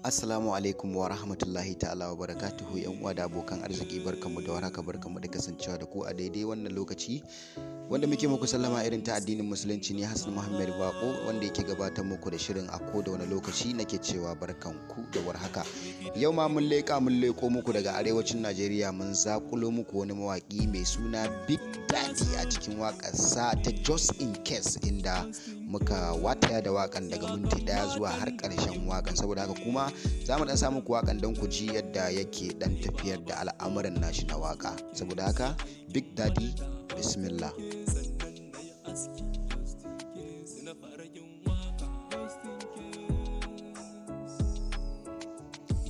Assalamu alaikum wa rahmatullahi ta'ala wa barakatuhu yan uwa da abokan arziki barkamu da waraka barkamu da kasancewa da ku a daidai wannan lokaci wanda muke muku sallama irin ta addinin musulunci ne Hassan Muhammad Bako wanda yake gabatar muku da shirin a ko da wani lokaci nake cewa barkan ku da warhaka yau ma mun leƙa mun leƙo muku daga arewacin Najeriya mun zakulo muku wani mawaki mai suna Big Daddy a cikin waƙarsa ta Just in Case inda muka wataya da wakan daga minti daya zuwa har karshen wakan saboda haka kuma za mu dan samu ku wakan don ku ji yadda yake dan tafiyar da al'amuran nashi na waka saboda haka big daddy bismillah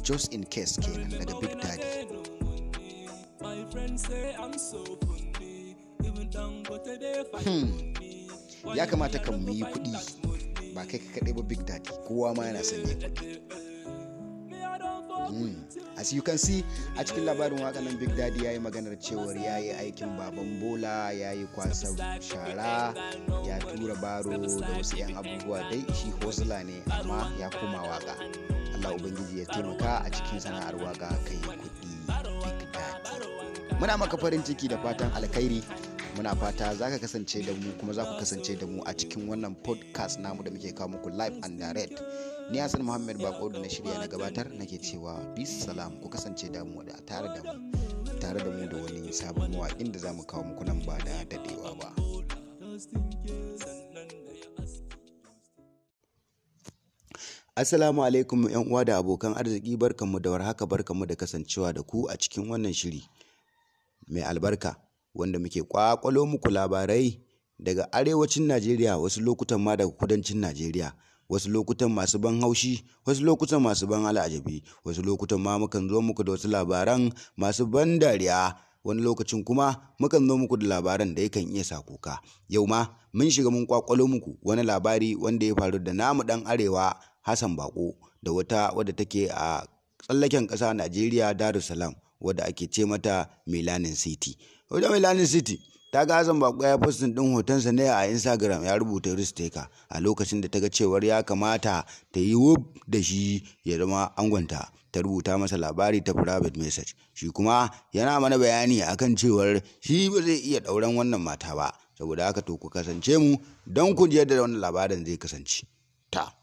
just in case kenan daga big daddy my friends say i'm so funny even down they fight hmm. me ya kamata ka mu yi kuɗi ba kai ka kaɗai ba big daddy kowa ma yana son yin kuɗi hmm. as you can see a cikin labarin waka nan big daddy ya yi maganar cewar ya yi aikin baban bola ya yi kwasa shara ya tura baro da wasu 'yan abubuwa dai shi hosula ne amma ya koma waka allah ubangiji ya taimaka a cikin sana'ar waka kai kuɗi big daddy muna maka farin ciki da fatan alkhairi muna fata za ka kasance da mu kuma za ku kasance da mu a cikin wannan podcast namu da muke kawo muku live and direct ni hassan muhammad bako da na shirya na gabatar nake cewa peace salam ku kasance da mu da tare da mu tare da mu da wani sabon waƙin da za mu kawo muku nan ba da dadewa ba Assalamu alaikum ‘yan uwa da abokan arziki barkanmu da warhaka barkanmu da kasancewa da ku a cikin wannan shiri mai albarka. wanda muke kwakwalo muku labarai daga arewacin Najeriya wasu lokutan ma daga kudancin Najeriya. wasu lokutan masu ban haushi wasu lokutan masu ban al'ajabi wasu lokutan ma mukan zo muku da wasu labaran masu ban dariya wani lokacin kuma mukan zo muku da labaran da yakan iya sakuka yau ma mun shiga mun kwakwalo muku wani labari wanda ya faru da namu dan arewa hassan bako da wata wadda take a tsallaken ƙasa najeriya darussalam wadda ake ce mata Melanin City. Wadda Melanin City ta ga Hassan Bako ya postin din hotonsa ne a Instagram ya rubuta Risteka a lokacin da ta ga cewar ya kamata ta yi wub da shi ya zama angonta. ta rubuta masa labari ta private message shi kuma yana mana bayani akan cewar shi ba zai iya ɗauran wannan mata ba saboda haka to ku kasance mu don ku yadda wannan labarin zai kasance ta